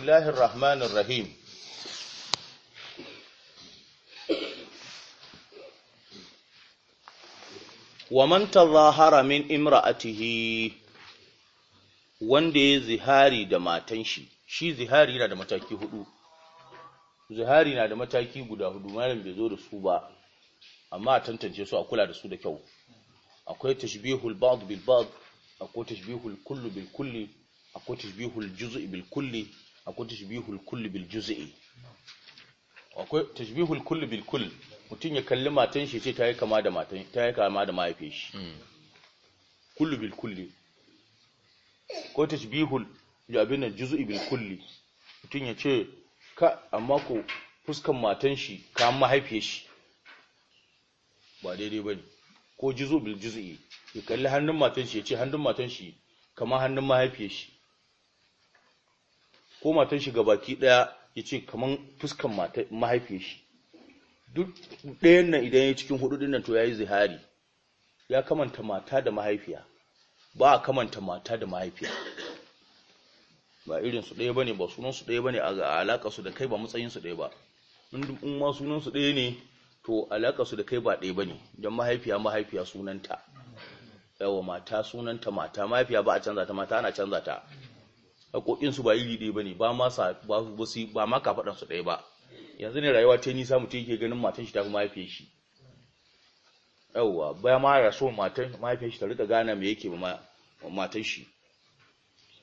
Bismillahir Rahmanir Rahim Wa man tazahara min wanda ya zihari da matan shi shi zihari yana da mataki hudu zihari na da mataki guda hudu malam bai zo da su ba amma a tantance su a kula da su da kyau akwai tashbihul ba'd bil ba'd akwai tashbihul kullu bil kulli akwai tashbihul juz'i bil kulli akwai tashbihul kulli bil juz'i akwai tashbihul kulli bil kull mutum ya kalli matan shi ce ta yi kama da matan ta yi kama da mahaifin shi hmm. kullu bil kulli ko tashbihul abin juz'i bil kulli mutum ya ce ka amma ko fuskan matan shi ka mahaifiyar shi ba daidai bane ko juzu bil juz'i ya kalli hannun matan shi ya ce hannun matan shi kama hannun mahaifiyar shi ko matan shi baki daya ya ce kaman fuskan mahaifin shi duk ɗayan nan idan ya cikin hudu dinnan to ya yi zihari ya kamanta mata da mahaifiya ba a kamanta mata da mahaifiya ba irinsu ɗaya ba ne ba sunansu ɗaya ba ne a su da kai ba matsayinsu ɗaya ba in ma su ɗaya ne to su da kai ba ɗaya ba ne don mahaifiya mahaifiya sunanta yawa mata sunanta mata mahaifiya ba a canza ta mata ana canza ta haƙoƙinsu ba iri ɗaya ba ne ba ma ba ma kafaɗansu ɗaya ba yanzu ne rayuwa ta nisa mutum yake ganin matan shi ta fi mahaifiyar shi Yauwa, baya ma ya so matan mahaifiyar shi ta rika gane me yake ma matan shi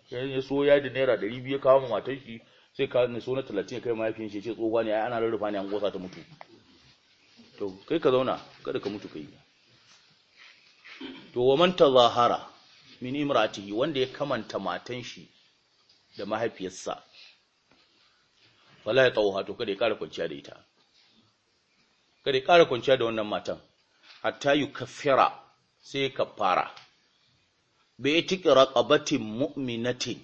sai ya so ya da naira ɗari biyu kawo ma matan shi sai ka ne so na talatin ya kai mahaifiyar shi ya ce tsohuwa ne ai ana rarrufa ne an ƙosa ta mutu to kai ka zauna kada ka mutu kai to wa man tazahara min imratihi wanda ya kamanta matan shi da mahaifiyarsa wala ya tsawo hato kada ya ƙara kwanciya da ita kada ya ƙara kwanciya da wannan matan hatta yukaffira kafira sai ya kafara bai yi tiki mu'minatin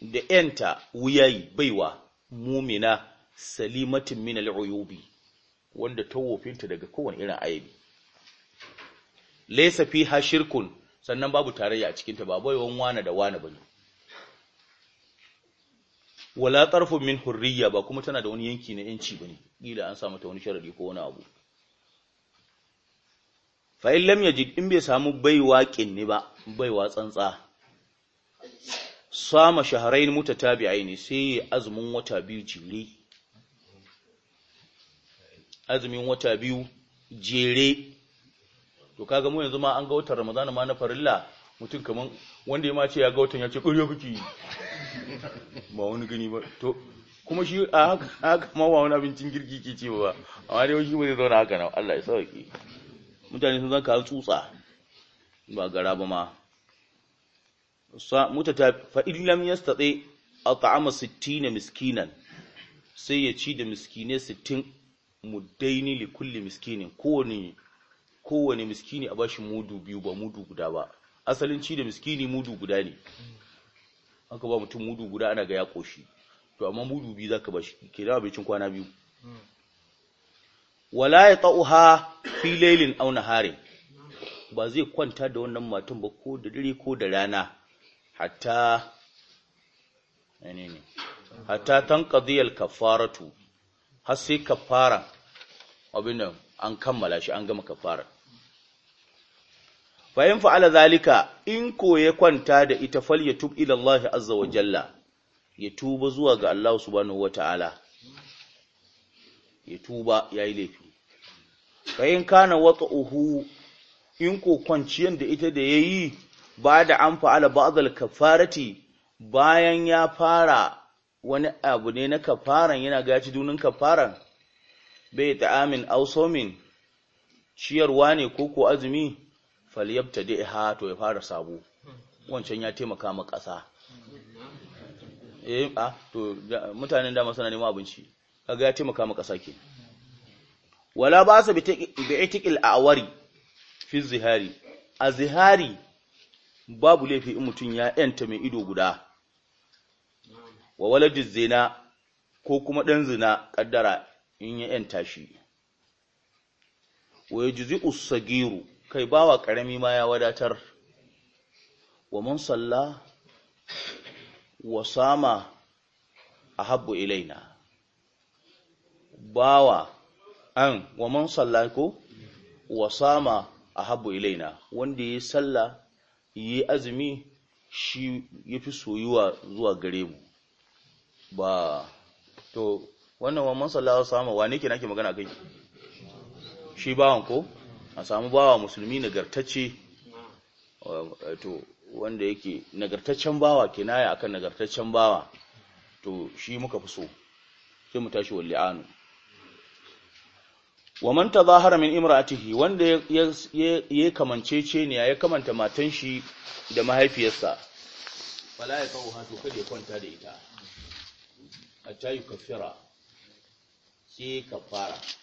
da ‘yanta wuyayi baiwa mumina salimatin min al'uyubi wanda ta daga kowane irin aibi laysa fi ha shirkun sannan babu tarayya a cikinta ba wani wana da wani bane wala tarfun min hurriya ba kuma tana da wani yanki na yanci bane ƙila an samu ta wani sharadi ko wani abu fa in lam yajid in bai samu baiwa ne ba baiwa tsantsa sama shahrayn mutatabi'ain sai azumin wata biyu jere azumin wata biyu jere to kaga mu yanzu ma an ga watan ramazana ma na farilla mutum kaman wanda ya ma ce ya ga watan ya ce ya yi? ba wani gani ba to kuma shi a haka ma ba wani abincin girki ke ce ba amma dai shi ba zai zauna haka na Allah ya sauke mutane sun zaka tsutsa ba gara ba ma mutata muta ta fa illam yastati at'ama 60 miskinan sai ya ci da miskine 60 mudaini li kulli miskinin kowane kowane miskini a bashi mudu biyu ba mudu guda ba asalin ci da miskini mudu guda ne aka ba mutum mudu guda ana ga ya koshi to amma mudu biyu zaka ba shi ke da abincin kwana biyu wala ya ta'uha fi lailin aw naharin ba zai kwanta da wannan matan ba ko da dare ko da rana hatta ne ne hatta tanqadiyal kafaratu har sai kafara abin nan an kammala shi an gama kafara fa in fa'ala zalika in ko ya kwanta da ita fal ya tub ila Allah azza wa jalla ya tuba zuwa ga Allah subhanahu Ta'ala. ya tuba yayi laifi fa in kana wata'uhu in ko kwanciyan da ita da yayi ba da an fa'ala ba'dal kafarati bayan ya fara wani abu ne na kafaran yana gaci dunin kafaran bai ta amin aw ciyarwa ne ko ko azumi faliyabta da ha to ya fara sabo wancan ya taimaka ma ƙasa eh a ah, to mutanen dama suna neman abinci kaga ya taimaka ma ƙasa ke wala ba sa bi itiqil awari fi zihari a zihari babu laifi in mutum ya yanta mai ido guda wa waladiz zina ko kuma ɗan zina ƙaddara in ya ‘yanta shi, wa ya kai bawa ƙarami ma ya wadatar wa mun salla wa sama a habbu ilaina bawa an wa mun salla ko wa sama a habbu ilaina wanda ya salla yi azumi shi ya fi soyuwa zuwa gare mu ba to wannan wa mun salla wa sama wa ne ke nake magana kai shi bawan ko a samu bawa musulmi nagartacce eh, to wanda yake nagartaccen bawa kinaya akan nagartaccen bawa to shi muka fi so sai mu tashi wal li'anu wa man tazahara min imra'atihi wanda ya ce ne ya kamanta matan shi da mahaifiyarsa fala ya kawo to kada ya kwanta da ita a tayu kafira sai kafara